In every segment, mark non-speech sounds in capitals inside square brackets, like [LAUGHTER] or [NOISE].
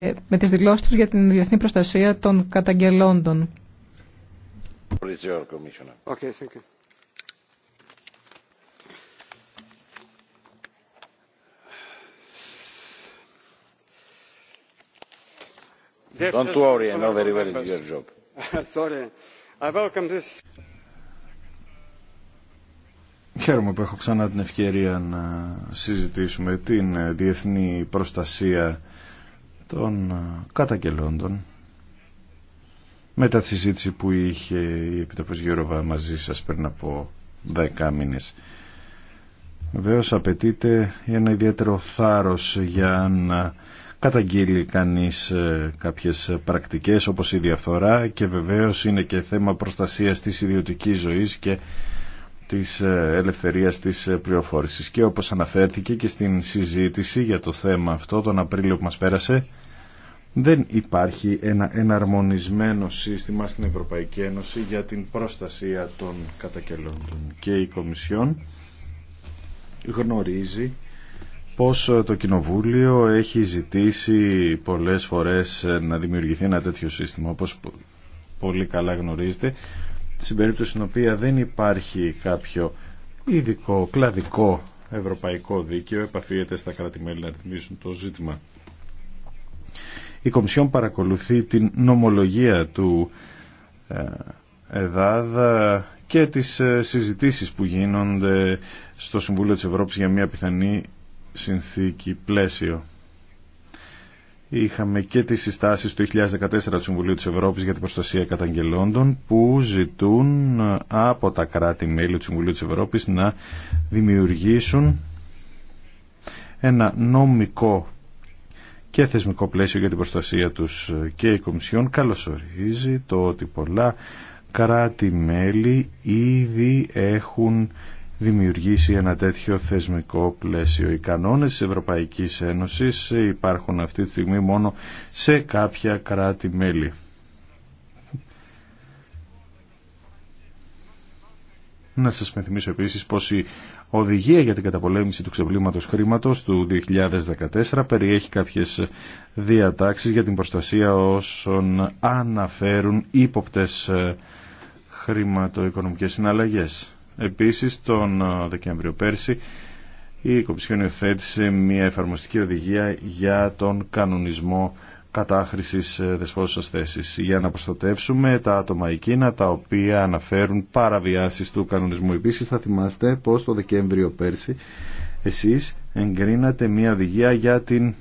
Ε, με τις δηλώσεις τους για την διεθνή προστασία των καταγγελόντων. Don't worry, I know very well your job. [LAUGHS] Sorry. I welcome this. Χαίρομαι που έχω ξανά την ευκαιρία να συζητήσουμε την ε, διεθνή προστασία των ε, καταγγελόντων μετά τη συζήτηση που είχε η Επιτροπής Γιώροβα μαζί σας πριν από 10 μήνες. Βεβαίω απαιτείται ένα ιδιαίτερο θάρρος για να καταγγείλει κανείς ε, κάποιες πρακτικές όπως η διαφθορά και βεβαίως είναι και θέμα προστασίας της ιδιωτικής ζωής και της ε, ελευθερίας της πληροφόρησης. Και όπως αναφέρθηκε και στην συζήτηση για το θέμα αυτό τον Απρίλιο που μας πέρασε, δεν υπάρχει ένα εναρμονισμένο σύστημα στην Ευρωπαϊκή Ένωση για την προστασία των κατακελώντων και η Κομισιόν γνωρίζει πως το Κοινοβούλιο έχει ζητήσει πολλές φορές να δημιουργηθεί ένα τέτοιο σύστημα όπως πολύ καλά γνωρίζετε στην περίπτωση στην οποία δεν υπάρχει κάποιο ειδικό κλαδικό ευρωπαϊκό δίκαιο επαφίεται στα κράτη-μέλη να ρυθμίσουν το ζήτημα. Η Κομισιόν παρακολουθεί την νομολογία του ε, ΕΔΑΔ ε, και τις ε, συζητήσεις που γίνονται στο Συμβούλιο της Ευρώπης για μια πιθανή συνθήκη πλαίσιο. Είχαμε και τις συστάσεις του 2014 του Συμβουλίου της Ευρώπης για την προστασία καταγγελόντων που ζητούν από τα κράτη-μέλη του Συμβουλίου της Ευρώπης να δημιουργήσουν ένα νομικό και θεσμικό πλαίσιο για την προστασία τους και η Κομισιόν καλωσορίζει το ότι πολλά κράτη-μέλη ήδη έχουν δημιουργήσει ένα τέτοιο θεσμικό πλαίσιο. Οι κανόνες της Ευρωπαϊκής Ένωσης υπάρχουν αυτή τη στιγμή μόνο σε κάποια κράτη-μέλη. Να σας πενθυμίσω επίσης πως η οδηγία για την καταπολέμηση του ξεβλήματος χρήματος του 2014 περιέχει κάποιες διατάξεις για την προστασία όσων αναφέρουν ύποπτες ε, χρηματοοικονομικές συναλλαγές. Επίσης τον ε, Δεκέμβριο πέρσι η Κομισιόν υιοθέτησε μια εφαρμοστική οδηγία για τον κανονισμό κατάχρησης ε, δεσπόζουσας θέσης για να προστατεύσουμε τα άτομα εκείνα τα οποία αναφέρουν παραβιάσεις του κανονισμού. Επίση, θα θυμάστε πω το Δεκέμβριο πέρσι εσείς εγκρίνατε μια οδηγία για την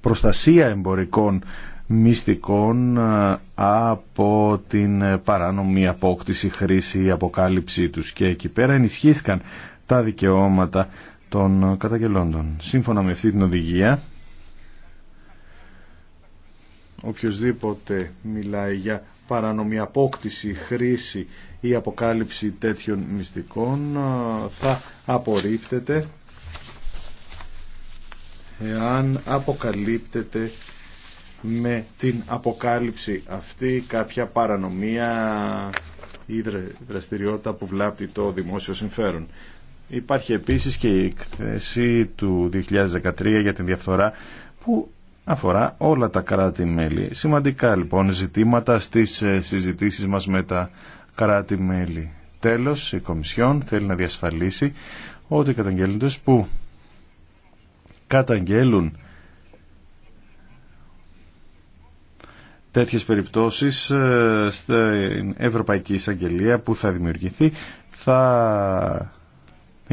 προστασία εμπορικών μυστικών ε, από την παράνομη απόκτηση, χρήση ή αποκάλυψή τους και εκεί πέρα ενισχύθηκαν τα δικαιώματα των καταγγελόντων. Σύμφωνα με αυτή την οδηγία οποιοδήποτε μιλάει για παρανομή απόκτηση, χρήση ή αποκάλυψη τέτοιων μυστικών θα απορρίπτεται εάν αποκαλύπτεται με την αποκάλυψη αυτή κάποια παρανομία ή δραστηριότητα που βλάπτει το δημόσιο συμφέρον. Υπάρχει επίσης και η εκθέση του 2013 για την διαφθορά που αφορά όλα τα κράτη-μέλη. Σημαντικά λοιπόν ζητήματα στις ε, συζητήσεις μας με τα κράτη-μέλη. Τέλος, η Κομισιόν θέλει να διασφαλίσει ότι οι καταγγέλλοντες που καταγγέλουν τέτοιες περιπτώσεις ε, στην Ευρωπαϊκή Εισαγγελία που θα δημιουργηθεί θα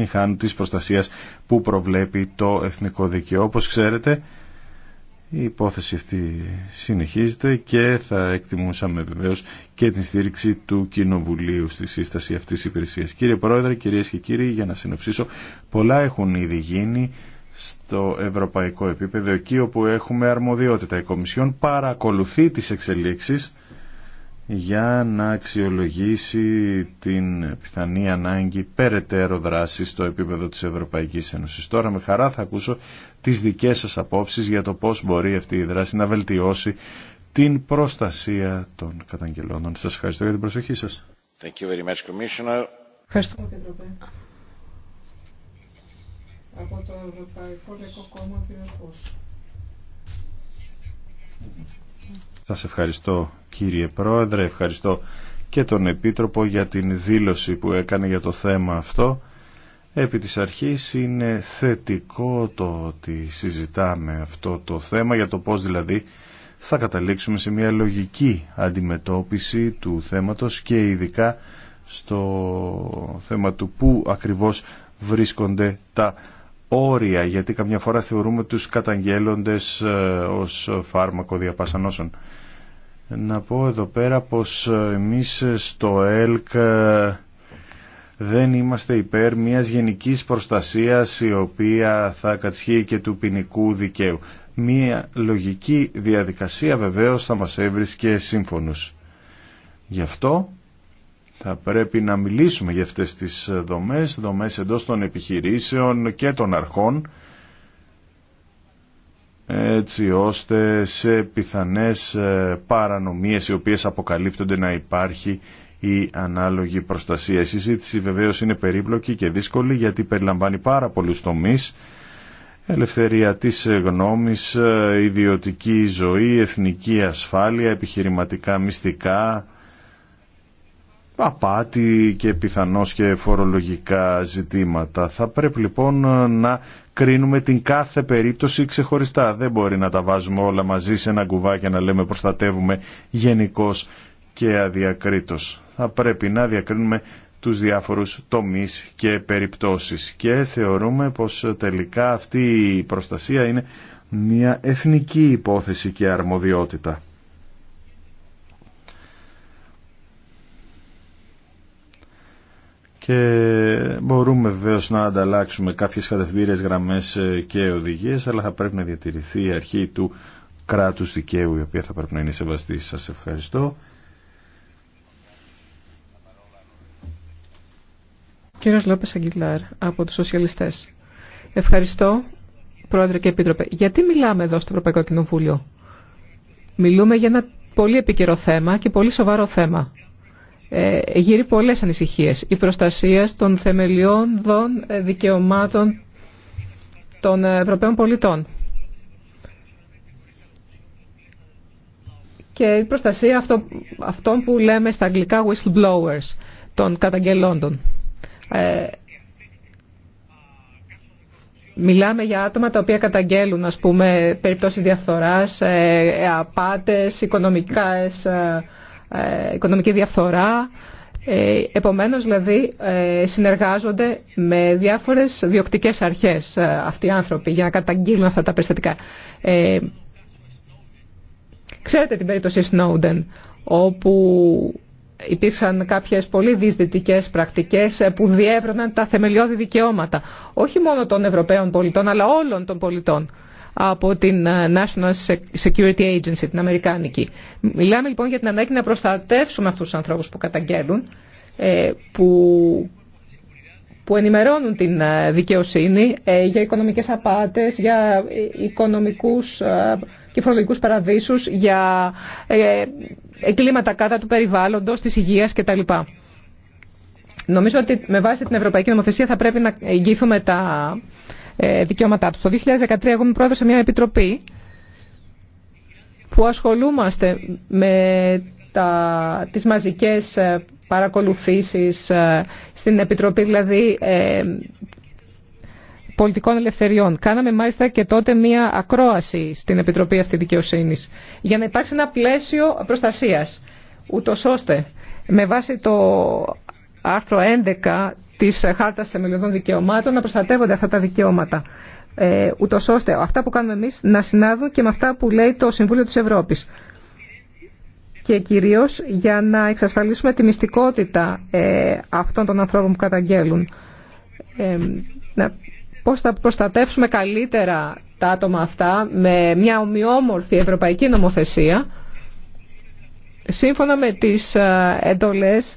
χάνουν τις προστασίας που προβλέπει το Εθνικό Δίκαιο. Όπως ξέρετε, η υπόθεση αυτή συνεχίζεται και θα εκτιμούσαμε βεβαίω και την στήριξη του Κοινοβουλίου στη σύσταση αυτή τη υπηρεσία. Κύριε Πρόεδρε, κυρίε και κύριοι, για να συνοψίσω, πολλά έχουν ήδη γίνει στο ευρωπαϊκό επίπεδο, εκεί όπου έχουμε αρμοδιότητα. Η Κομισιόν παρακολουθεί τι εξελίξει για να αξιολογήσει την πιθανή ανάγκη περαιτέρω δράση στο επίπεδο της Ευρωπαϊκής Ένωσης. Τώρα με χαρά θα ακούσω τις δικές σας απόψεις για το πώς μπορεί αυτή η δράση να βελτιώσει την προστασία των καταγγελώνων. Σας ευχαριστώ για την προσοχή σας. Thank you very much, Commissioner. το Ευρωπαϊκό σας ευχαριστώ κύριε Πρόεδρε, ευχαριστώ και τον Επίτροπο για την δήλωση που έκανε για το θέμα αυτό. Επί της αρχής είναι θετικό το ότι συζητάμε αυτό το θέμα για το πώς δηλαδή θα καταλήξουμε σε μια λογική αντιμετώπιση του θέματος και ειδικά στο θέμα του πού ακριβώς βρίσκονται τα όρια, γιατί καμιά φορά θεωρούμε τους καταγγέλλοντες ε, ως φάρμακο διαπασανώσεων. Να πω εδώ πέρα πως ε, εμείς ε, στο ΕΛΚ δεν είμαστε υπέρ μιας γενικής προστασίας η οποία θα κατσχύει και του ποινικού δικαίου. Μια λογική διαδικασία βεβαίως θα μας έβρισκε σύμφωνους. Γι' αυτό θα πρέπει να μιλήσουμε για αυτές τις δομές, δομές εντός των επιχειρήσεων και των αρχών, έτσι ώστε σε πιθανές ε, παρανομίες οι οποίες αποκαλύπτονται να υπάρχει η ανάλογη προστασία. Η συζήτηση βεβαίως είναι περίπλοκη και δύσκολη γιατί περιλαμβάνει πάρα πολλούς τομείς ελευθερία της γνώμης, ε, ιδιωτική ζωή, εθνική ασφάλεια, επιχειρηματικά μυστικά, απάτη και πιθανώς και φορολογικά ζητήματα. Θα πρέπει λοιπόν ε, να κρίνουμε την κάθε περίπτωση ξεχωριστά. Δεν μπορεί να τα βάζουμε όλα μαζί σε ένα κουβά και να λέμε προστατεύουμε γενικώ και αδιακρίτως. Θα πρέπει να διακρίνουμε τους διάφορους τομείς και περιπτώσεις και θεωρούμε πως ε, τελικά αυτή η προστασία είναι μια εθνική υπόθεση και αρμοδιότητα. και μπορούμε βεβαίως να ανταλλάξουμε κάποιες κατευθύνες γραμμές ε, και οδηγίες αλλά θα πρέπει να διατηρηθεί η αρχή του κράτους δικαίου η οποία θα πρέπει να είναι σεβαστή. Σας ευχαριστώ. Κύριος Λόπες Αγγιλάρ από τους Σοσιαλιστές. Ευχαριστώ Πρόεδρε και Επίτροπε. Γιατί μιλάμε εδώ στο Ευρωπαϊκό Κοινοβούλιο. Μιλούμε για ένα πολύ επικαιρό θέμα και πολύ σοβαρό θέμα. Ε, γύρει πολλές ανησυχίες. Η προστασία των θεμελιών δων ε, δικαιωμάτων των ε, Ευρωπαίων πολιτών. Και η προστασία αυτό, αυτών που λέμε στα αγγλικά whistleblowers, των καταγγελόντων. μιλάμε για άτομα τα οποία καταγγέλουν, ας πούμε, περιπτώσεις διαφθοράς, απάτες, οικονομικά, ε, οικονομική διαφθορά. Ε, επομένως, δηλαδή, ε, συνεργάζονται με διάφορες διοκτικές αρχές αυτοί οι άνθρωποι για να καταγγείλουν αυτά τα περιστατικά. Ξέρετε την περίπτωση Snowden, όπου υπήρξαν κάποιες πολύ δυσδυτικές πρακτικές που διέβρωναν τα θεμελιώδη δικαιώματα, όχι μόνο των Ευρωπαίων πολιτών, αλλά όλων των πολιτών από την ε, National Security Agency, την Αμερικάνικη. Μιλάμε λοιπόν για την ανάγκη να προστατεύσουμε αυτούς τους ανθρώπους που καταγγέλουν, ε, που, που ενημερώνουν την ε, δικαιοσύνη για οικονομικές απάτες, για οικονομικούς και φορολογικούς παραδείσους, για εγκλήματα κάτω του περιβάλλοντος, της υγείας κτλ. Νομίζω ότι με βάση την Ευρωπαϊκή Νομοθεσία θα πρέπει να εγγύθουμε τα ε, δικαιώματά Το 2013 εγώ είμαι σε μια επιτροπή που ασχολούμαστε με τα, τις μαζικές ε, παρακολουθήσεις ε, στην Επιτροπή δηλαδή ε, Πολιτικών Ελευθεριών. Κάναμε μάλιστα και τότε μία ακρόαση στην Επιτροπή αυτή δικαιοσύνη για να υπάρξει ένα πλαίσιο προστασίας ούτω ώστε με βάση το άρθρο 11 της Χάρτας Θεμελιωδών Δικαιωμάτων να προστατεύονται αυτά τα δικαιώματα. Ε, ώστε αυτά που κάνουμε εμείς να συνάδουν και με αυτά που λέει το Συμβούλιο της Ευρώπης. Και κυρίως για να εξασφαλίσουμε τη μυστικότητα ε, αυτών των ανθρώπων που καταγγέλουν. Ε, να, πώς θα προστατεύσουμε καλύτερα τα άτομα αυτά με μια ομοιόμορφη ευρωπαϊκή νομοθεσία σύμφωνα με τις ε, εντολές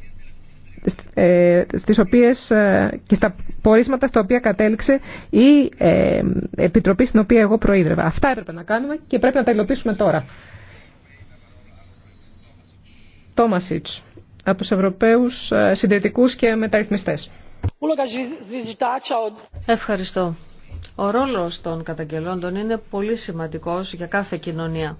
ε, στις οποίες ε, και στα πορίσματα στα οποία κατέληξε η ε, Επιτροπή στην οποία εγώ προείδρευα. Αυτά έπρεπε να κάνουμε και πρέπει να τα υλοποιήσουμε τώρα. Τόμασιτς, από τους Ευρωπαίους συντηρητικούς και μεταρρυθμιστές. Ευχαριστώ. Ο ρόλος των καταγγελόντων είναι πολύ σημαντικός για κάθε κοινωνία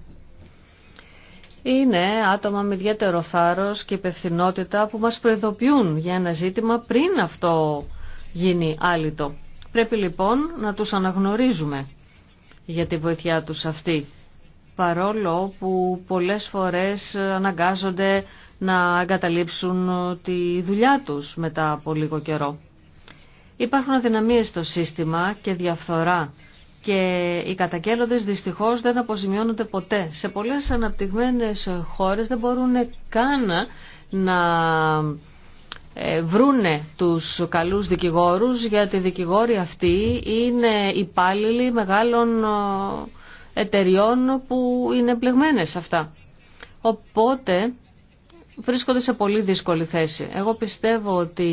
είναι άτομα με ιδιαίτερο θάρρος και υπευθυνότητα που μας προειδοποιούν για ένα ζήτημα πριν αυτό γίνει άλυτο. Πρέπει λοιπόν να τους αναγνωρίζουμε για τη βοήθειά τους αυτή, παρόλο που πολλές φορές αναγκάζονται να εγκαταλείψουν τη δουλειά τους μετά από λίγο καιρό. Υπάρχουν αδυναμίες στο σύστημα και διαφθορά και οι κατακέλλοντες δυστυχώς δεν αποζημιώνονται ποτέ. Σε πολλές αναπτυγμένες χώρες δεν μπορούν καν να ε, βρούνε τους καλούς δικηγόρους γιατί οι δικηγόροι αυτοί είναι υπάλληλοι μεγάλων ε, εταιριών που είναι πλεγμένες αυτά. Οπότε βρίσκονται σε πολύ δύσκολη θέση. Εγώ πιστεύω ότι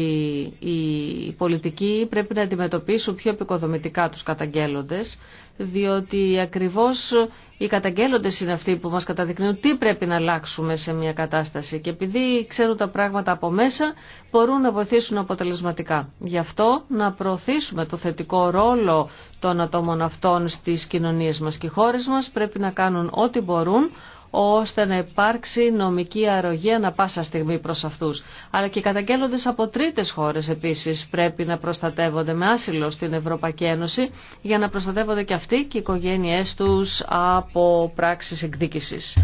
οι πολιτικοί πρέπει να αντιμετωπίσουν πιο επικοδομητικά τους καταγγέλλοντες, διότι ακριβώς οι καταγγέλλοντες είναι αυτοί που μας καταδεικνύουν τι πρέπει να αλλάξουμε σε μια κατάσταση και επειδή ξέρουν τα πράγματα από μέσα μπορούν να βοηθήσουν αποτελεσματικά. Γι' αυτό να προωθήσουμε το θετικό ρόλο των ατόμων αυτών στις κοινωνίες μας και χώρες μας πρέπει να κάνουν ό,τι μπορούν ώστε να υπάρξει νομική αρρωγή να πάσα στιγμή προς αυτούς. Αλλά και οι καταγγέλλοντες από τρίτες χώρες επίσης πρέπει να προστατεύονται με άσυλο στην Ευρωπαϊκή Ένωση για να προστατεύονται και αυτοί και οι οικογένειές τους από πράξεις εκδίκησης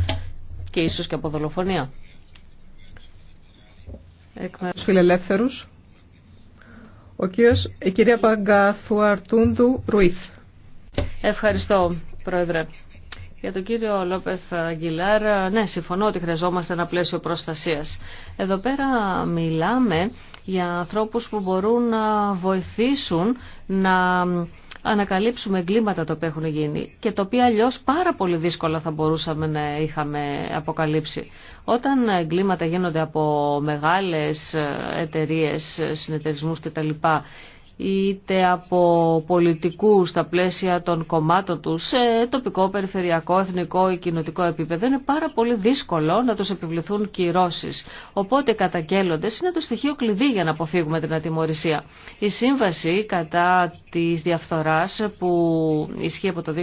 και ίσως και από δολοφονία. η κυρία Ρουίθ. Ευχαριστώ, Πρόεδρε. Για τον κύριο Λόπεθ Αγγιλάρ, ναι, συμφωνώ ότι χρειαζόμαστε ένα πλαίσιο προστασίας. Εδώ πέρα μιλάμε για ανθρώπους που μπορούν να βοηθήσουν να ανακαλύψουμε εγκλήματα τα οποία έχουν γίνει και τα οποία αλλιώ πάρα πολύ δύσκολα θα μπορούσαμε να είχαμε αποκαλύψει. Όταν εγκλήματα γίνονται από μεγάλες εταιρείες, συνεταιρισμούς κτλ είτε από πολιτικού στα πλαίσια των κομμάτων του σε τοπικό, περιφερειακό, εθνικό ή κοινοτικό επίπεδο είναι πάρα πολύ δύσκολο να του επιβληθούν κυρώσει. Οπότε οι είναι το στοιχείο κλειδί για να αποφύγουμε την ατιμορρησία. Η σύμβαση κατά τη διαφθορά που ισχύει από το 2005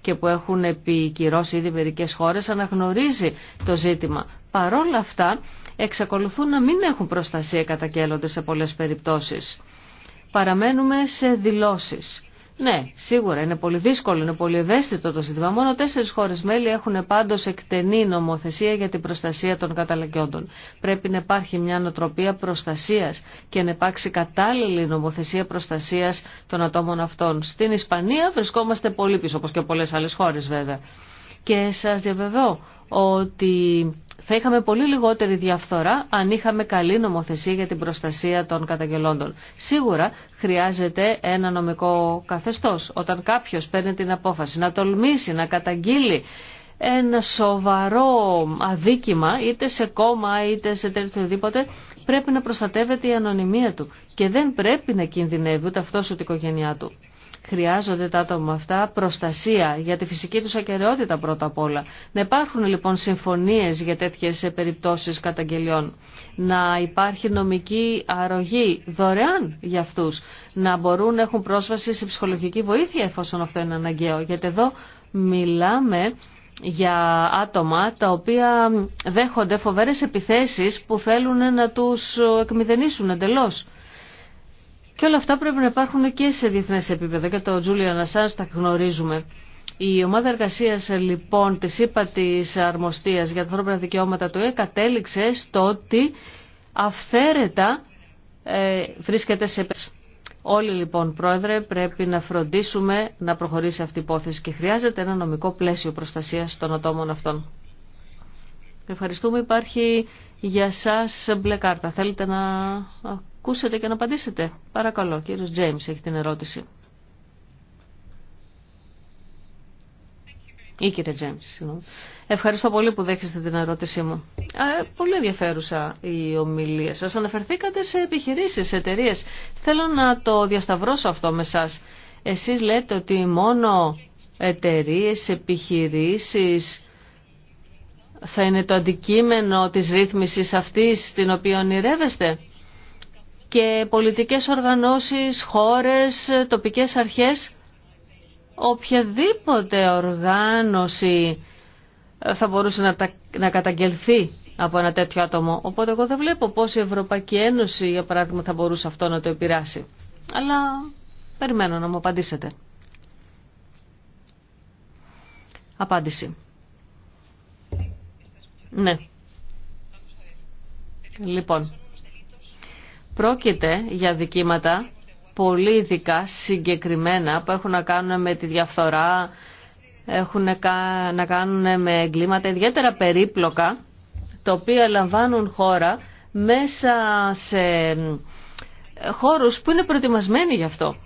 και που έχουν επικυρώσει ήδη μερικέ χώρε, αναγνωρίζει το ζήτημα. Παρόλα αυτά εξακολουθούν να μην έχουν προστασία καταγγέλλοντες σε πολλές περιπτώσεις παραμένουμε σε δηλώσεις. Ναι, σίγουρα είναι πολύ δύσκολο, είναι πολύ ευαίσθητο το ζήτημα. Μόνο τέσσερι χώρε μέλη έχουν πάντω εκτενή νομοθεσία για την προστασία των καταλακιόντων. Πρέπει να υπάρχει μια νοοτροπία προστασία και να υπάρξει κατάλληλη νομοθεσία προστασία των ατόμων αυτών. Στην Ισπανία βρισκόμαστε πολύ πίσω, όπω και πολλέ άλλε χώρε βέβαια. Και σα διαβεβαιώ ότι θα είχαμε πολύ λιγότερη διαφθορά αν είχαμε καλή νομοθεσία για την προστασία των καταγγελόντων. Σίγουρα χρειάζεται ένα νομικό καθεστώς. Όταν κάποιος παίρνει την απόφαση να τολμήσει, να καταγγείλει ένα σοβαρό αδίκημα, είτε σε κόμμα είτε σε τέτοιο οτιδήποτε, πρέπει να προστατεύεται η ανωνυμία του και δεν πρέπει να κινδυνεύει ούτε αυτός ούτε η οικογένειά του. Χρειάζονται τα άτομα αυτά προστασία για τη φυσική τους ακαιρεότητα πρώτα απ' όλα. Να υπάρχουν λοιπόν συμφωνίες για τέτοιες περιπτώσεις καταγγελιών. Να υπάρχει νομική αρρωγή δωρεάν για αυτούς. Να μπορούν να έχουν πρόσβαση σε ψυχολογική βοήθεια εφόσον αυτό είναι αναγκαίο. Γιατί εδώ μιλάμε για άτομα τα οποία δέχονται φοβέρες επιθέσεις που θέλουν να τους εκμηδενήσουν εντελώς. Και όλα αυτά πρέπει να υπάρχουν και σε διεθνές επίπεδο και το Julian Assange τα γνωρίζουμε. Η ομάδα εργασία λοιπόν τη ΥΠΑ τη Αρμοστία για τα ανθρώπινα δικαιώματα του ΕΕ κατέληξε στο ότι αυθαίρετα ε, βρίσκεται σε Όλοι λοιπόν, Πρόεδρε, πρέπει να φροντίσουμε να προχωρήσει αυτή η υπόθεση και χρειάζεται ένα νομικό πλαίσιο προστασίας των ατόμων αυτών. Ευχαριστούμε. Υπάρχει για σας μπλε κάρτα. Θέλετε να ακούσετε και να απαντήσετε. Παρακαλώ, κύριος Τζέιμς έχει την ερώτηση. Ή κύριε συγγνώμη. Ευχαριστώ πολύ που δέχεστε την ερώτησή μου. πολύ ενδιαφέρουσα η ομιλία σας. Αναφερθήκατε σε επιχειρήσεις, σε εταιρείε. Θέλω να το διασταυρώσω αυτό με σας. Εσείς λέτε ότι μόνο εταιρείε, επιχειρήσεις θα είναι το αντικείμενο της ρύθμισης αυτής την οποία ονειρεύεστε και πολιτικές οργανώσεις, χώρες, τοπικές αρχές, οποιαδήποτε οργάνωση θα μπορούσε να, να καταγγελθεί από ένα τέτοιο άτομο. Οπότε εγώ δεν βλέπω πώς η Ευρωπαϊκή Ένωση, για παράδειγμα, θα μπορούσε αυτό να το επηρεάσει. Αλλά περιμένω να μου απαντήσετε. Απάντηση. Ναι. Λοιπόν, Πρόκειται για δικήματα πολύ ειδικά συγκεκριμένα που έχουν να κάνουν με τη διαφθορά, έχουν να κάνουν με εγκλήματα ιδιαίτερα περίπλοκα, τα οποία λαμβάνουν χώρα μέσα σε χώρους που είναι προετοιμασμένοι γι' αυτό.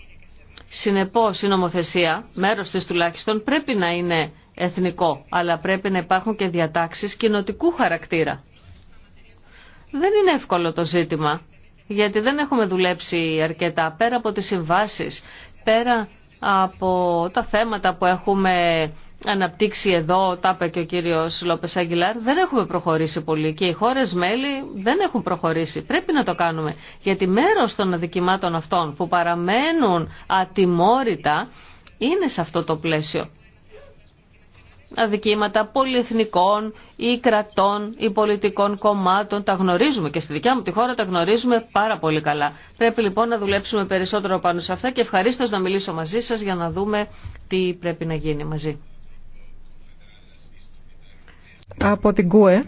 Συνεπώς η νομοθεσία, μέρος της τουλάχιστον, πρέπει να είναι εθνικό, αλλά πρέπει να υπάρχουν και διατάξεις κοινοτικού χαρακτήρα. Δεν είναι εύκολο το ζήτημα γιατί δεν έχουμε δουλέψει αρκετά πέρα από τις συμβάσει, πέρα από τα θέματα που έχουμε αναπτύξει εδώ, τα είπε και ο κύριος Λόπες Αγγιλάρ, δεν έχουμε προχωρήσει πολύ και οι χώρες μέλη δεν έχουν προχωρήσει. Πρέπει να το κάνουμε, γιατί μέρος των αδικημάτων αυτών που παραμένουν ατιμόρυτα είναι σε αυτό το πλαίσιο αδικήματα πολυεθνικών ή κρατών ή πολιτικών κομμάτων. Τα γνωρίζουμε και στη δικιά μου τη χώρα τα γνωρίζουμε πάρα πολύ καλά. Πρέπει λοιπόν να δουλέψουμε περισσότερο πάνω σε αυτά και ευχαρίστως να μιλήσω μαζί σας για να δούμε τι πρέπει να γίνει μαζί. Από την ΚΟΕ,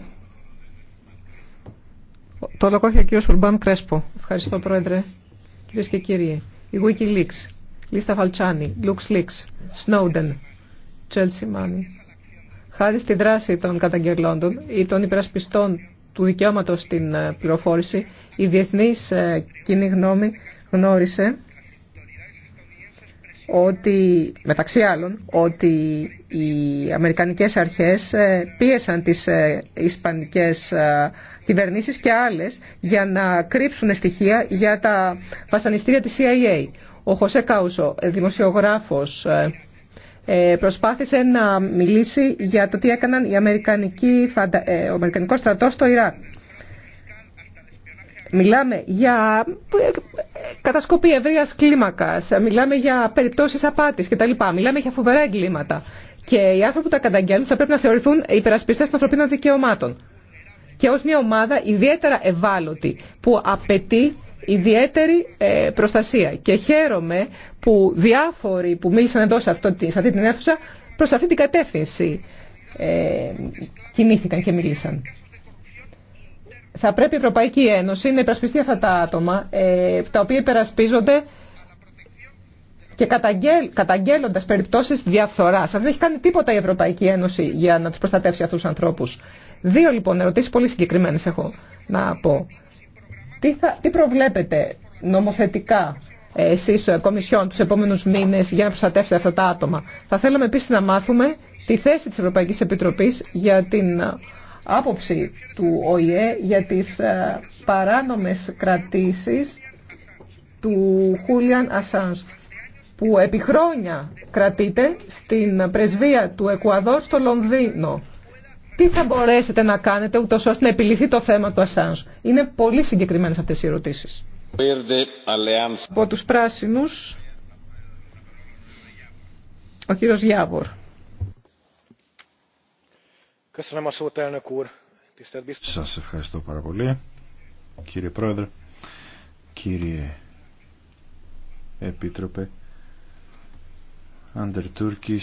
το λόγο έχει Κρέσπο. Ευχαριστώ πρόεδρε. Κυρίε και κύριοι, η Wikileaks, Λίστα Λουξ Λίξ, Chelsea χάρη στη δράση των καταγγελόντων ή των υπερασπιστών του δικαιώματος στην ε, πληροφόρηση, η διεθνής του ε, δικαιωματο γνώμη γνώρισε ότι, μεταξύ άλλων, ότι οι Αμερικανικές αρχές ε, πίεσαν τις Ισπανικές κυβερνήσεις και άλλες για να κρύψουν στοιχεία για τα βασανιστήρια της CIA. Ο Χωσέ Κάουσο, δημοσιογράφος ε, προσπάθησε να μιλήσει για το τι έκαναν οι Αμερικανικοί, ε, ο Αμερικανικός στρατός στο Ιράκ. Μιλάμε για ε, κατασκοπή ευρεία κλίμακα, μιλάμε για περιπτώσει απάτη κτλ. Μιλάμε για φοβερά εγκλήματα. Και οι άνθρωποι που τα καταγγέλνουν θα πρέπει να θεωρηθούν υπερασπιστέ των ανθρωπίνων δικαιωμάτων. Και ω μια ομάδα ιδιαίτερα ευάλωτη που απαιτεί ιδιαίτερη ε, προστασία. Και χαίρομαι που διάφοροι που μίλησαν εδώ σε, αυτό, σε αυτή την αίθουσα προς αυτή την κατεύθυνση ε, κινήθηκαν και μιλήσαν. Θα πρέπει η Ευρωπαϊκή Ένωση να υπερασπιστεί αυτά τα άτομα, ε, τα οποία υπερασπίζονται και καταγγέλ, καταγγέλλοντας περιπτώσεις διαφθοράς. Αν δεν έχει κάνει τίποτα η Ευρωπαϊκή Ένωση για να τους προστατεύσει αυτούς τους ανθρώπους. Δύο λοιπόν ερωτήσεις πολύ συγκεκριμένες έχω να πω. Τι, θα, τι προβλέπετε νομοθετικά ε, εσείς ε, κομισιόν τους επόμενους μήνες για να προστατεύσετε αυτά τα άτομα. Θα θέλαμε επίσης να μάθουμε τη θέση της Ευρωπαϊκής Επιτροπής για την ε, άποψη του ΟΗΕ για τις παράνομες κρατήσεις του Χούλιαν Ασάνς που επί χρόνια κρατείται στην πρεσβεία του Εκουαδό στο Λονδίνο τι θα μπορέσετε να κάνετε ούτως ώστε να επιληθεί το θέμα του Ασάνς. Είναι πολύ συγκεκριμένες αυτές οι ερωτήσεις. Από τους πράσινους, ο κύριος Γιάβορ. Σας ευχαριστώ πάρα πολύ, κύριε Πρόεδρε, κύριε Επίτροπε. Άντερ Τούρκη,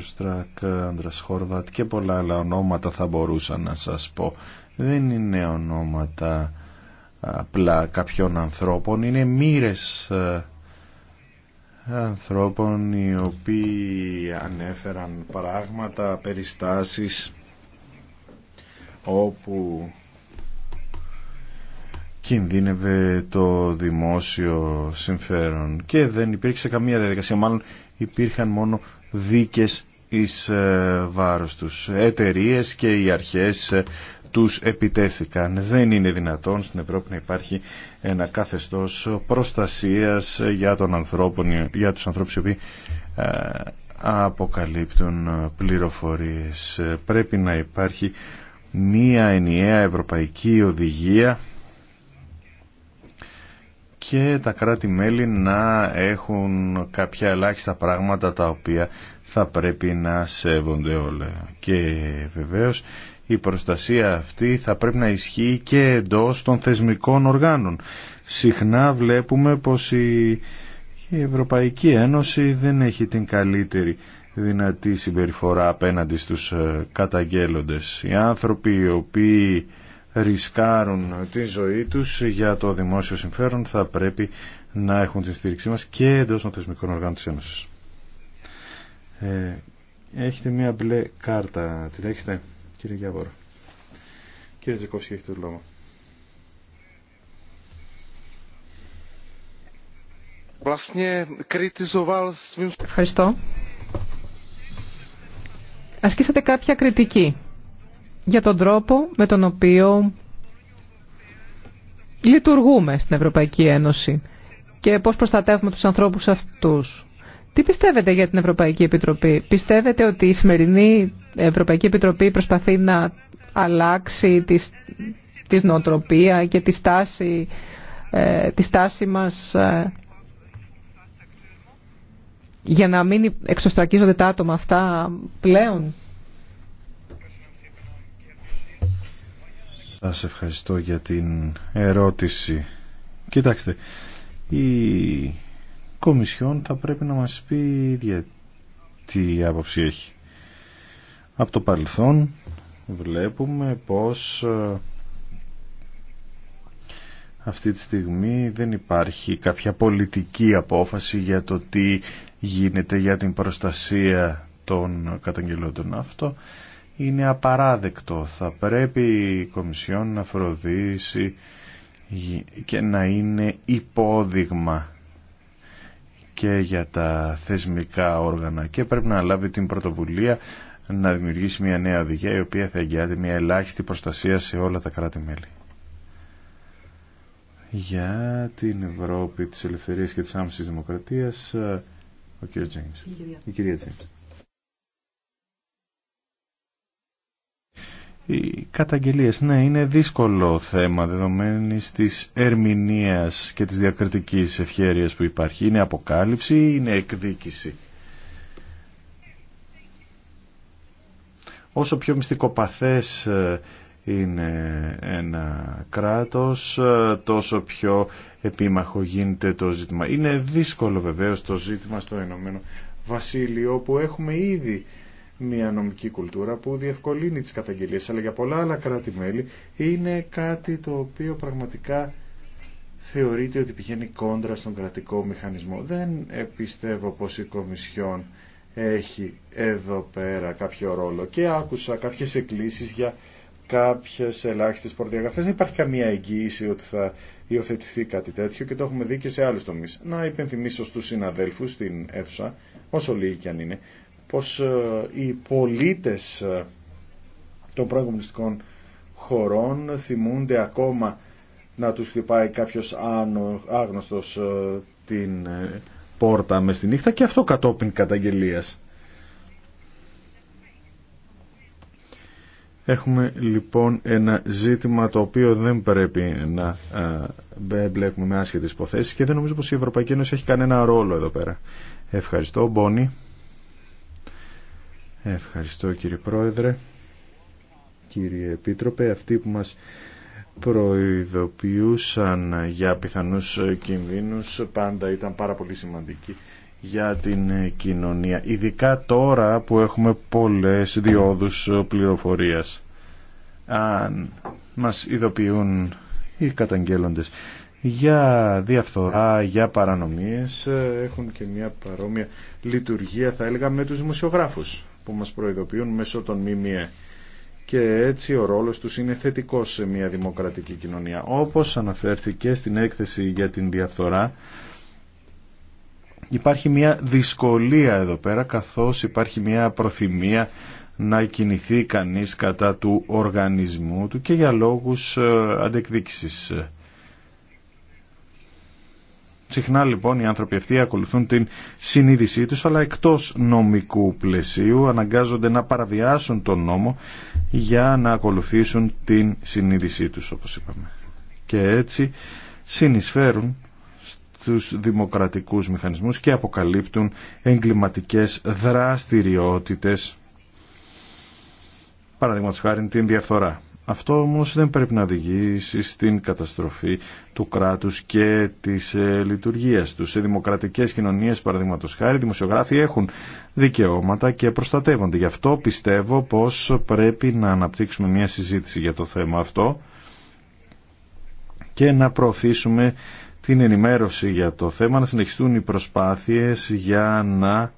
Στρακ, Άντρας Χόρβατ και πολλά άλλα ονόματα θα μπορούσα να σας πω. Δεν είναι ονόματα απλά κάποιων ανθρώπων, είναι μοίρες ανθρώπων οι οποίοι ανέφεραν πράγματα, περιστάσεις όπου κινδύνευε το δημόσιο συμφέρον και δεν υπήρξε καμία διαδικασία μάλλον υπήρχαν μόνο δίκες εις ε, βάρος τους. Εταιρείε και οι αρχές ε, τους επιτέθηκαν. Δεν είναι δυνατόν στην Ευρώπη να υπάρχει ένα καθεστώς προστασίας για, τον ανθρώπο, για τους ανθρώπους οι οποίοι ε, αποκαλύπτουν πληροφορίες. Πρέπει να υπάρχει μία ενιαία ευρωπαϊκή οδηγία και τα κράτη-μέλη να έχουν κάποια ελάχιστα πράγματα τα οποία θα πρέπει να σέβονται όλα. Και βεβαίως η προστασία αυτή θα πρέπει να ισχύει και εντός των θεσμικών οργάνων. Συχνά βλέπουμε πως η Ευρωπαϊκή Ένωση δεν έχει την καλύτερη δυνατή συμπεριφορά απέναντι στους ε, καταγγέλλοντες. Οι άνθρωποι οι οποίοι ρισκάρουν τη ζωή τους για το δημόσιο συμφέρον θα πρέπει να έχουν τη στήριξή μας και εντός των θεσμικών οργάνων της Ένωσης. Ε, έχετε μία μπλε κάρτα. Την έχετε, κύριε Γιάβορο. Κύριε Τζεκόφσκι, έχετε το λόγο. Ευχαριστώ. Ασκήσατε κάποια κριτική για τον τρόπο με τον οποίο λειτουργούμε στην Ευρωπαϊκή Ένωση και πώς προστατεύουμε τους ανθρώπους αυτούς. Τι πιστεύετε για την Ευρωπαϊκή Επιτροπή. Πιστεύετε ότι η σημερινή Ευρωπαϊκή Επιτροπή προσπαθεί να αλλάξει τη, τη νοοτροπία και τη στάση, ε, μας ε, για να μην εξωστρακίζονται τα άτομα αυτά πλέον. Σας ευχαριστώ για την ερώτηση. Κοιτάξτε, η Κομισιόν θα πρέπει να μας πει τι άποψη έχει. Από το παρελθόν βλέπουμε πως ε, αυτή τη στιγμή δεν υπάρχει κάποια πολιτική απόφαση για το τι γίνεται για την προστασία των καταγγελόντων. Αυτό είναι απαράδεκτο. Θα πρέπει η Κομισιόν να φροντίσει και να είναι υπόδειγμα και για τα θεσμικά όργανα και πρέπει να λάβει την πρωτοβουλία να δημιουργήσει μια νέα οδηγία η οποία θα εγγυάται μια ελάχιστη προστασία σε όλα τα κράτη-μέλη. Για την Ευρώπη της Ελευθερίας και της Άμεσης Δημοκρατίας, ε, ο κ. Τζέιμς. Η κυρία Οι καταγγελίες, ναι, είναι δύσκολο θέμα δεδομένης της ερμηνείας και της διακριτικής ευχέρειας που υπάρχει. Είναι αποκάλυψη ή είναι εκδίκηση. Όσο πιο μυστικοπαθές ε, είναι ένα κράτος, ε, τόσο πιο επίμαχο γίνεται το ζήτημα. Είναι δύσκολο βεβαίως το ζήτημα στο Ηνωμένο Βασίλειο που έχουμε ήδη μια νομική κουλτούρα που διευκολύνει τις καταγγελίες, αλλά για πολλά άλλα κράτη-μέλη είναι κάτι το οποίο πραγματικά θεωρείται ότι πηγαίνει κόντρα στον κρατικό μηχανισμό. Δεν πιστεύω πως η Κομισιόν έχει εδώ πέρα κάποιο ρόλο και άκουσα κάποιες εκκλήσεις για κάποιες ελάχιστες προδιαγραφές. Δεν υπάρχει καμία εγγύηση ότι θα υιοθετηθεί κάτι τέτοιο και το έχουμε δει και σε άλλους τομείς. Να υπενθυμίσω στους συναδέλφους στην αίθουσα, όσο λίγοι και αν είναι, πως ε, οι πολίτες ε, των προεκομμουνιστικών χωρών θυμούνται ακόμα να τους χτυπάει κάποιος άγνωστος ε, την πόρτα με στη νύχτα και αυτό κατόπιν καταγγελίας. Έχουμε λοιπόν ένα ζήτημα το οποίο δεν πρέπει να μπλέκουμε με άσχετες υποθέσεις και δεν νομίζω πως η Ευρωπαϊκή Ένωση έχει κανένα ρόλο εδώ πέρα. Ευχαριστώ, Μπόνι. Ευχαριστώ κύριε Πρόεδρε, κύριε Επίτροπε, αυτοί που μας προειδοποιούσαν για πιθανούς κινδύνους πάντα ήταν πάρα πολύ σημαντικοί για την κοινωνία, ειδικά τώρα που έχουμε πολλές διόδους πληροφορίας. Αν μας ειδοποιούν οι καταγγέλλοντες για διαφθορά, για παρανομίες έχουν και μια παρόμοια λειτουργία θα έλεγα με τους δημοσιογράφους που μας προειδοποιούν μέσω των ΜΜΕ. Και έτσι ο ρόλος τους είναι θετικός σε μια δημοκρατική κοινωνία. Όπως αναφέρθηκε στην έκθεση για την διαφθορά, υπάρχει μια δυσκολία εδώ πέρα, καθώς υπάρχει μια προθυμία να κινηθεί κανείς κατά του οργανισμού του και για λόγους ε, αντεκδίκησης. Συχνά λοιπόν οι άνθρωποι αυτοί ακολουθούν την συνείδησή τους αλλά εκτός νομικού πλαισίου αναγκάζονται να παραβιάσουν τον νόμο για να ακολουθήσουν την συνείδησή τους όπως είπαμε. Και έτσι συνεισφέρουν στους δημοκρατικούς μηχανισμούς και αποκαλύπτουν εγκληματικές δραστηριότητες παραδείγματος χάρη την διαφθορά. Αυτό όμως δεν πρέπει να οδηγήσει στην καταστροφή του κράτους και της ε, λειτουργίας του. Σε δημοκρατικές κοινωνίες, παραδείγματος χάρη, οι δημοσιογράφοι έχουν δικαιώματα και προστατεύονται. Γι' αυτό πιστεύω πως πρέπει να αναπτύξουμε μια συζήτηση για το θέμα αυτό και να προωθήσουμε την ενημέρωση για το θέμα, να συνεχιστούν οι προσπάθειες για να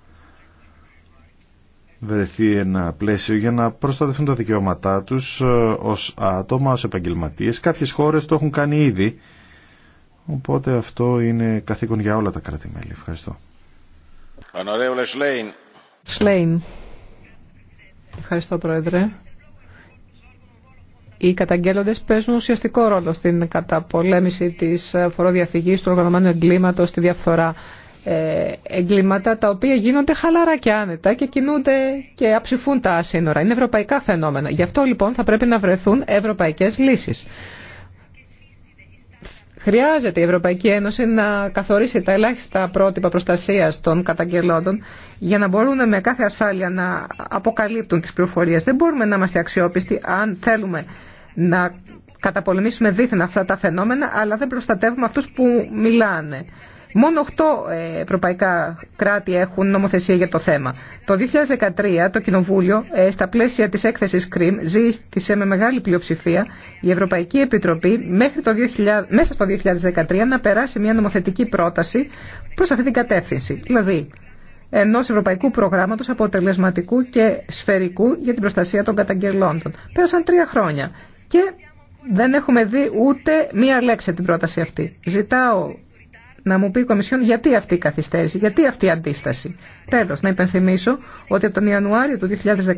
βρεθεί ένα πλαίσιο για να προστατευτούν τα δικαιώματά τους ε, ως άτομα, ως επαγγελματίες. Κάποιες χώρες το έχουν κάνει ήδη. Οπότε αυτό είναι καθήκον για όλα τα κράτη-μέλη. Ευχαριστώ. Σλέιν. Σλέιν. Ευχαριστώ, Πρόεδρε. Οι καταγγέλλοντες παίζουν ουσιαστικό ρόλο στην καταπολέμηση της φοροδιαφυγής, του οργανωμένου εγκλήματος, στη διαφθορά ε, εγκλήματα τα οποία γίνονται χαλαρά και άνετα και κινούνται και αψηφούν τα σύνορα. Είναι ευρωπαϊκά φαινόμενα. Γι' αυτό λοιπόν θα πρέπει να βρεθούν ευρωπαϊκές λύσεις. Χρειάζεται η Ευρωπαϊκή Ένωση να καθορίσει τα ελάχιστα πρότυπα προστασία των καταγγελόντων για να μπορούν με κάθε ασφάλεια να αποκαλύπτουν τι πληροφορίε. Δεν μπορούμε να είμαστε αξιόπιστοι αν θέλουμε να καταπολεμήσουμε δίθεν αυτά τα φαινόμενα, αλλά δεν προστατεύουμε αυτού που μιλάνε. Μόνο 8 ε, ευρωπαϊκά κράτη έχουν νομοθεσία για το θέμα. Το 2013 το Κοινοβούλιο, ε, στα πλαίσια της έκθεσης ΚΡΙΜ, ζήτησε με μεγάλη πλειοψηφία η Ευρωπαϊκή Επιτροπή μέχρι το 2000, μέσα στο 2013 να περάσει μια νομοθετική πρόταση προς αυτή την κατεύθυνση. Δηλαδή, ενός ευρωπαϊκού προγράμματος αποτελεσματικού και σφαιρικού για την προστασία των καταγγελόντων. Πέρασαν τρία χρόνια και δεν έχουμε δει ούτε μία λέξη την πρόταση αυτή. Ζητάω να μου πει η Κομισιόν γιατί αυτή η καθυστέρηση, γιατί αυτή η αντίσταση. Τέλος, να υπενθυμίσω ότι από τον Ιανουάριο του 2014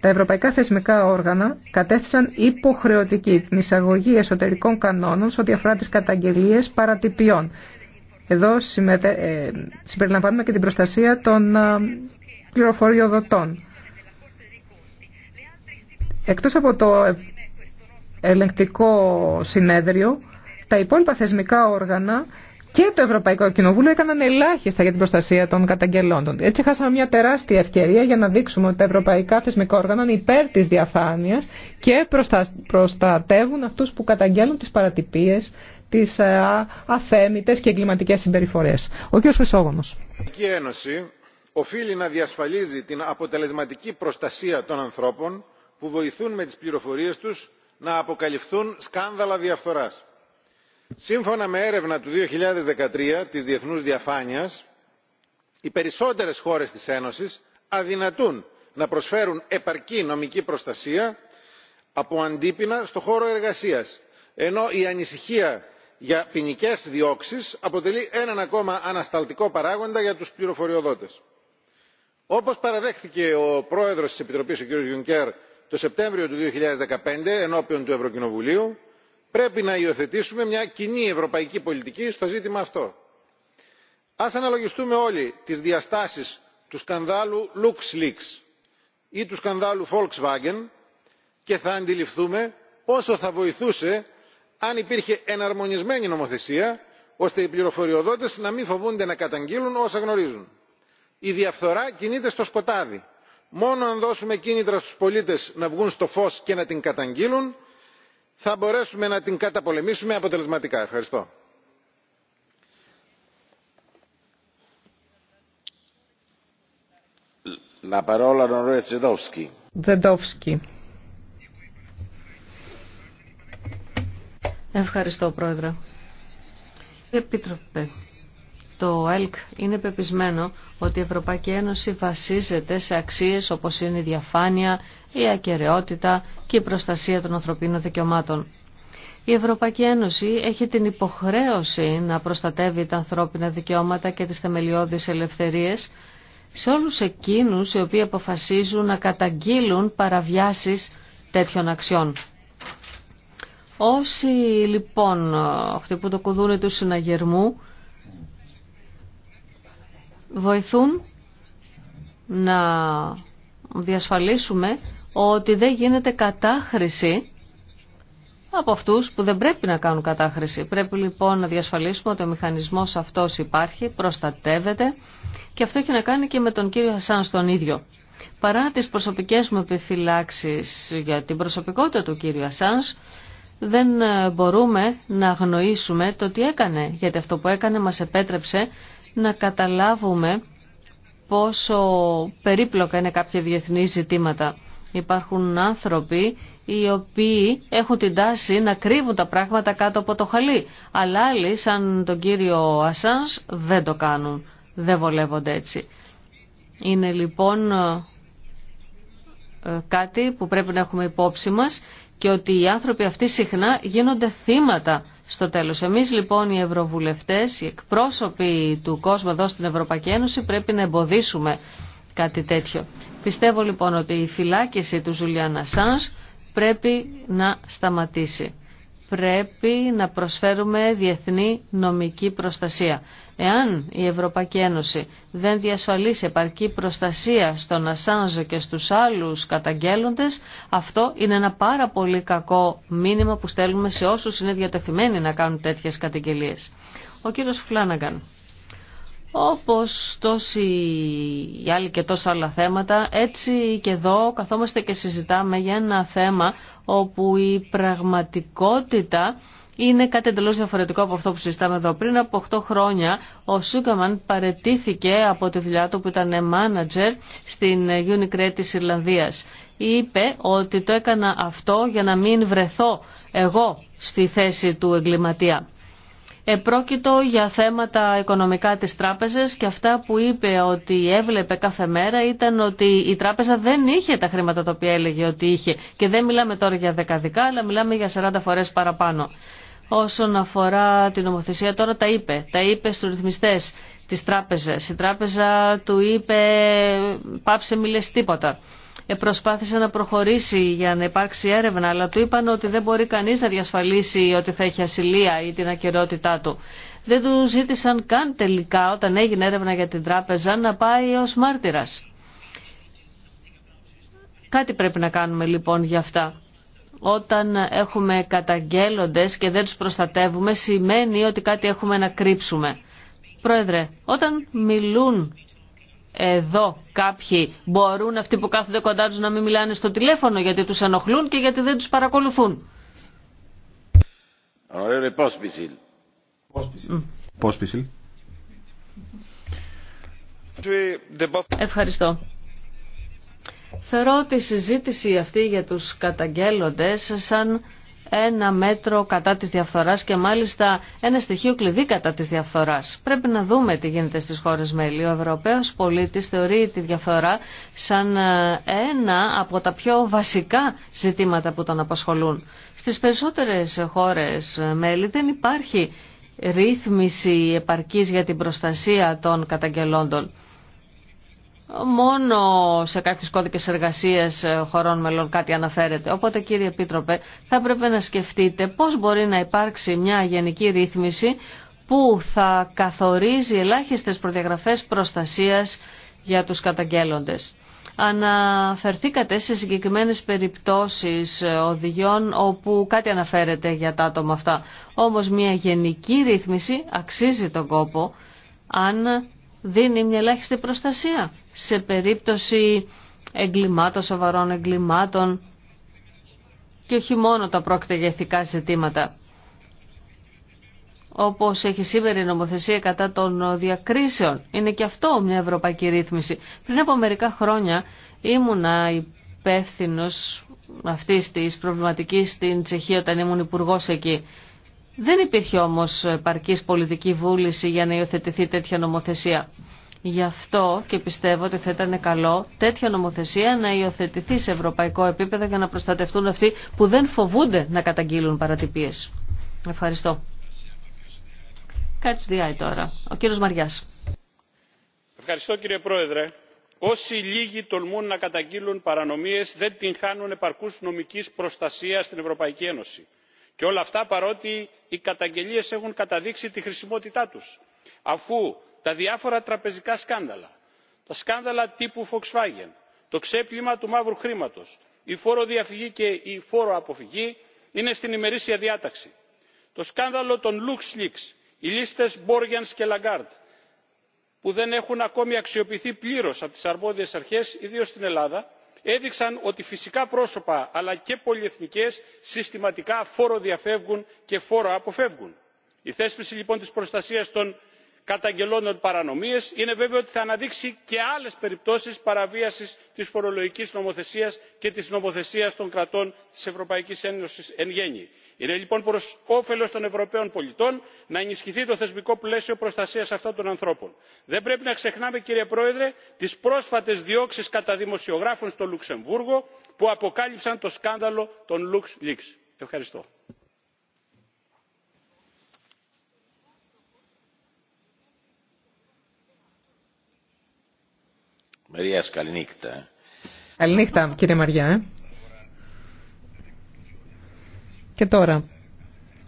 τα ευρωπαϊκά θεσμικά όργανα κατέστησαν υποχρεωτική την εισαγωγή εσωτερικών κανόνων σε ό,τι αφορά τι καταγγελίες παρατυπιών. Εδώ ε, συμπεριλαμβάνουμε και την προστασία των πληροφοριοδοτών. Εκτός από το ελεγκτικό συνέδριο, τα υπόλοιπα θεσμικά όργανα και το Ευρωπαϊκό Κοινοβούλιο έκαναν ελάχιστα για την προστασία των καταγγελόντων. Έτσι χάσαμε μια τεράστια ευκαιρία για να δείξουμε ότι τα ευρωπαϊκά θεσμικά όργανα είναι υπέρ τη διαφάνειας και προστατεύουν αυτού που καταγγέλνουν τις παρατυπίες, τις αθέμητε και εγκληματικέ συμπεριφορέ. Ο κ. Χρυσόγονο. Η Ένωση οφείλει να διασφαλίζει την αποτελεσματική προστασία των ανθρώπων που βοηθούν με τι πληροφορίε του να αποκαλυφθούν σκάνδαλα διαφθοράς σύμφωνα με έρευνα του 2013 της διεθνούς διαφάνειας οι περισσότερες χώρες της ένωσης αδυνατούν να προσφέρουν επαρκή νομική προστασία από αντίπεινα στον χώρο εργασίας ενώ η ανησυχία για ποινικέ διώξεις αποτελεί έναν ακόμα ανασταλτικό παράγοντα για τους πληροφοριοδότες. όπως παραδέχθηκε ο πρόεδρος της επιτροπής ο κ. Γιούνκερ, το σεπτέμβριο του 2015 ενώπιον του ευρωκοινοβουλίου πρέπει να υιοθετήσουμε μια κοινή ευρωπαϊκή πολιτική στο ζήτημα αυτό. Α αναλογιστούμε όλοι τις διαστάσεις του σκανδάλου luxleaks ή του σκανδάλου volkswagen και θα αντιληφθούμε πόσο θα βοηθούσε αν υπήρχε εναρμονισμένη νομοθεσία ώστε οι πληροφοριοδότες να μην φοβούνται να καταγγείλουν όσα γνωρίζουν. η διαφθορά κινείται στο σκοτάδι. μόνο αν δώσουμε κίνητρα στους πολίτες να βγουν στο φως και να την καταγγείλουν θα μπορέσουμε να την καταπολεμήσουμε αποτελεσματικά. ευχαριστώ. parola, Ευχαριστώ, Πρόεδρε. Επίτροπε, το ΕΛΚ είναι πεπισμένο ότι η Ευρωπαϊκή Ένωση βασίζεται σε αξίες όπως είναι η διαφάνεια, η ακαιρεότητα και η προστασία των ανθρωπίνων δικαιωμάτων. Η Ευρωπαϊκή Ένωση έχει την υποχρέωση να προστατεύει τα ανθρώπινα δικαιώματα και τις θεμελιώδεις ελευθερίες σε όλους εκείνους οι οποίοι αποφασίζουν να καταγγείλουν παραβιάσεις τέτοιων αξιών. Όσοι λοιπόν χτυπούν το κουδούνι του συναγερμού βοηθούν να διασφαλίσουμε ότι δεν γίνεται κατάχρηση από αυτούς που δεν πρέπει να κάνουν κατάχρηση. Πρέπει λοιπόν να διασφαλίσουμε ότι ο μηχανισμός αυτός υπάρχει, προστατεύεται και αυτό έχει να κάνει και με τον κύριο Χασάν τον ίδιο. Παρά τις προσωπικές μου επιφυλάξεις για την προσωπικότητα του κύριου Ασάνς, δεν μπορούμε να αγνοήσουμε το τι έκανε, γιατί αυτό που έκανε μας επέτρεψε να καταλάβουμε πόσο περίπλοκα είναι κάποια διεθνή ζητήματα. Υπάρχουν άνθρωποι οι οποίοι έχουν την τάση να κρύβουν τα πράγματα κάτω από το χαλί. Αλλά άλλοι, σαν τον κύριο Ασάνς, δεν το κάνουν. Δεν βολεύονται έτσι. Είναι λοιπόν ε, κάτι που πρέπει να έχουμε υπόψη μας και ότι οι άνθρωποι αυτοί συχνά γίνονται θύματα στο τέλος. Εμείς λοιπόν οι ευρωβουλευτές, οι εκπρόσωποι του κόσμου εδώ στην Ευρωπαϊκή Ένωση πρέπει να εμποδίσουμε κάτι τέτοιο. Πιστεύω λοιπόν ότι η φυλάκιση του Ζουλιάν Σανς πρέπει να σταματήσει. Πρέπει να προσφέρουμε διεθνή νομική προστασία. Εάν η Ευρωπαϊκή Ένωση δεν διασφαλίσει επαρκή προστασία στον Ασάνζο και στους άλλους καταγγέλλοντες, αυτό είναι ένα πάρα πολύ κακό μήνυμα που στέλνουμε σε όσους είναι διατεθειμένοι να κάνουν τέτοιες καταγγελίες. Ο κύριος Φλάναγκαν. Όπως τόσοι οι άλλοι και τόσα άλλα θέματα, έτσι και εδώ καθόμαστε και συζητάμε για ένα θέμα όπου η πραγματικότητα είναι κάτι εντελώ διαφορετικό από αυτό που συζητάμε εδώ. Πριν από 8 χρόνια ο Σούκαμαν παρετήθηκε από τη δουλειά του που ήταν manager στην Unicred τη Ιρλανδία. Είπε ότι το έκανα αυτό για να μην βρεθώ εγώ στη θέση του εγκληματία. Επρόκειτο για θέματα οικονομικά της τράπεζας και αυτά που είπε ότι έβλεπε κάθε μέρα ήταν ότι η τράπεζα δεν είχε τα χρήματα τα οποία έλεγε ότι είχε. Και δεν μιλάμε τώρα για δεκαδικά, αλλά μιλάμε για 40 φορές παραπάνω όσον αφορά την νομοθεσία. Τώρα τα είπε. Τα είπε στους ρυθμιστές της τράπεζας. Η τράπεζα του είπε πάψε μη λες τίποτα. Ε, προσπάθησε να προχωρήσει για να υπάρξει έρευνα, αλλά του είπαν ότι δεν μπορεί κανείς να διασφαλίσει ότι θα έχει ασυλία ή την ακαιρεότητά του. Δεν του ζήτησαν καν τελικά όταν έγινε έρευνα για την τράπεζα να πάει ως μάρτυρας. Κάτι πρέπει να κάνουμε λοιπόν για αυτά όταν έχουμε καταγγέλλοντες και δεν τους προστατεύουμε σημαίνει ότι κάτι έχουμε να κρύψουμε. Πρόεδρε, όταν μιλούν εδώ κάποιοι μπορούν αυτοί που κάθονται κοντά τους να μην μιλάνε στο τηλέφωνο γιατί τους ενοχλούν και γιατί δεν τους παρακολουθούν. Mm. Ευχαριστώ. Θεωρώ τη συζήτηση αυτή για τους καταγγέλλοντες σαν ένα μέτρο κατά της διαφθοράς και μάλιστα ένα στοιχείο κλειδί κατά της διαφθοράς. Πρέπει να δούμε τι γίνεται στις χώρες μέλη. Ο Ευρωπαίος πολίτης θεωρεί τη διαφθορά σαν ε, ένα από τα πιο βασικά ζητήματα που τον απασχολούν. Στις περισσότερες χώρες ε, μέλη δεν υπάρχει ρύθμιση επαρκής για την προστασία των καταγγελόντων μόνο σε κάποιους κώδικες εργασίας ε, χωρών μελών κάτι αναφέρεται. Οπότε κύριε Επίτροπε θα πρέπει να σκεφτείτε πώς μπορεί να υπάρξει μια γενική ρύθμιση που θα καθορίζει ελάχιστες προδιαγραφές προστασίας για τους καταγγέλλοντες. Αναφερθήκατε σε συγκεκριμένες περιπτώσεις ε, οδηγιών όπου κάτι αναφέρεται για τα άτομα αυτά. Όμως μια γενική ρύθμιση αξίζει τον κόπο αν δίνει μια ελάχιστη προστασία σε περίπτωση εγκλημάτων, σοβαρών εγκλημάτων και όχι μόνο τα πρόκειται για ηθικά ζητήματα. Όπως έχει σήμερα η νομοθεσία κατά των διακρίσεων. Είναι και αυτό μια ευρωπαϊκή ρύθμιση. Πριν από μερικά χρόνια ήμουνα υπεύθυνο αυτή της προβληματικής στην Τσεχία όταν ήμουν υπουργό εκεί. Δεν υπήρχε όμως παρκή πολιτική βούληση για να υιοθετηθεί τέτοια νομοθεσία. Γι' αυτό και πιστεύω ότι θα ήταν καλό τέτοια νομοθεσία να υιοθετηθεί σε ευρωπαϊκό επίπεδο για να προστατευτούν αυτοί που δεν φοβούνται να καταγγείλουν παρατυπίες. Ευχαριστώ. Κάτσε τη τώρα. Ο κύριος Μαριάς. Ευχαριστώ κύριε Πρόεδρε. Όσοι λίγοι τολμούν να καταγγείλουν παρανομίες δεν την χάνουν επαρκούς νομικής προστασίας στην Ευρωπαϊκή Ένωση και όλα αυτά παρότι οι καταγγελίες έχουν καταδείξει τη χρησιμότητά τους αφού τα διάφορα τραπεζικά σκάνδαλα τα σκάνδαλα τύπου volkswagen το ξέπλυμα του μαύρου χρήματος η φοροδιαφυγή και η αποφυγή είναι στην ημερήσια διάταξη. το σκάνδαλο των luxleaks οι λίστες borgens και lagarde που δεν έχουν ακόμη αξιοποιηθεί πλήρως από τις αρμόδιες αρχές ιδίως στην ελλάδα έδειξαν ότι φυσικά πρόσωπα αλλά και πολυεθνικές συστηματικά φοροδιαφεύγουν και φοροαποφεύγουν. η θέσπιση λοιπόν της προστασίας των καταγγελόντων παρανομίες είναι βέβαιο ότι θα αναδείξει και άλλες περιπτώσεις παραβίασης της φορολογικής νομοθεσίας και της νομοθεσίας των κρατών της ευρωπαϊκής ένωσης εν γέννη είναι λοιπόν προ όφελο των ευρωπαίων πολιτών να ενισχυθεί το θεσμικό πλαίσιο προστασία αυτών των ανθρώπων. δεν πρέπει να ξεχνάμε κύριε πρόεδρε τι πρόσφατε διώξει κατά δημοσιογράφων στο λουξεμβούργο που αποκάλυψαν το σκάνδαλο των luxleaks. ευχαριστώ. Ε. Και τώρα,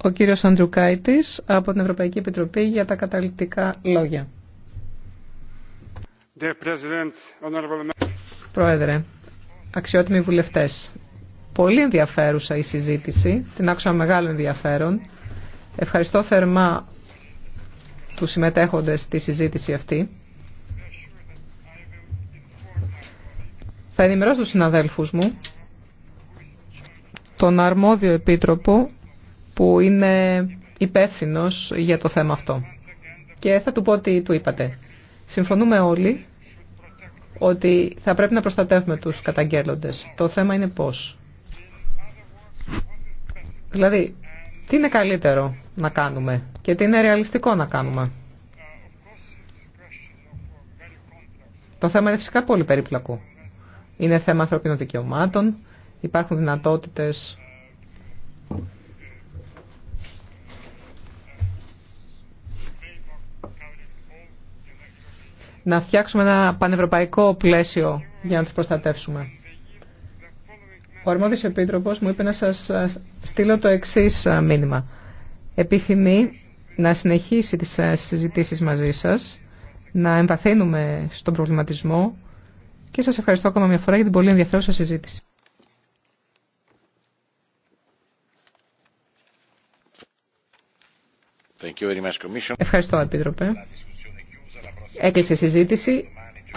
ο κύριος Ανδρουκάητης από την Ευρωπαϊκή Επιτροπή για τα καταληκτικά λόγια. Πρόεδρε, αξιότιμοι βουλευτές, πολύ ενδιαφέρουσα η συζήτηση, την άκουσα μεγάλο ενδιαφέρον. Ευχαριστώ θερμά τους συμμετέχοντες στη συζήτηση αυτή. Θα ενημερώσω τους συναδέλφους μου τον αρμόδιο επίτροπο που είναι υπεύθυνο για το θέμα αυτό. Και θα του πω ότι του είπατε. Συμφωνούμε όλοι ότι θα πρέπει να προστατεύουμε τους καταγγέλλοντες. Το θέμα είναι πώς. Δηλαδή, τι είναι καλύτερο να κάνουμε και τι είναι ρεαλιστικό να κάνουμε. Το θέμα είναι φυσικά πολύ περίπλακο. Είναι θέμα ανθρωπίνων δικαιωμάτων, υπάρχουν δυνατότητες να φτιάξουμε ένα πανευρωπαϊκό πλαίσιο για να τους προστατεύσουμε. Ο Αρμόδιος Επίτροπος μου είπε να σας στείλω το εξής μήνυμα. Επιθυμεί να συνεχίσει τις συζητήσεις μαζί σας, να εμβαθύνουμε στον προβληματισμό και σας ευχαριστώ ακόμα μια φορά για την πολύ ενδιαφέρουσα συζήτηση. Ευχαριστώ, Επίτροπε. Έκλεισε η συζήτηση.